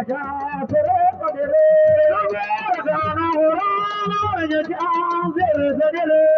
I Thank you.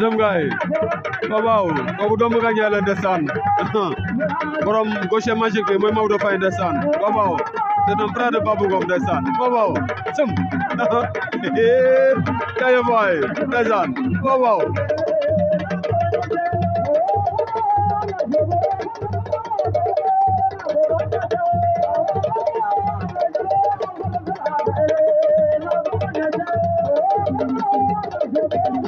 jëm gaay babaaw kooku doomu Gandiaye la ndeysaan borom gaucher magique bi mooy Maodo Faye ndeysaan babaaw c'est un frère de Babou Ngom ndeysaan babaaw jëm kayo boy ndeysaan babaaw Thank you.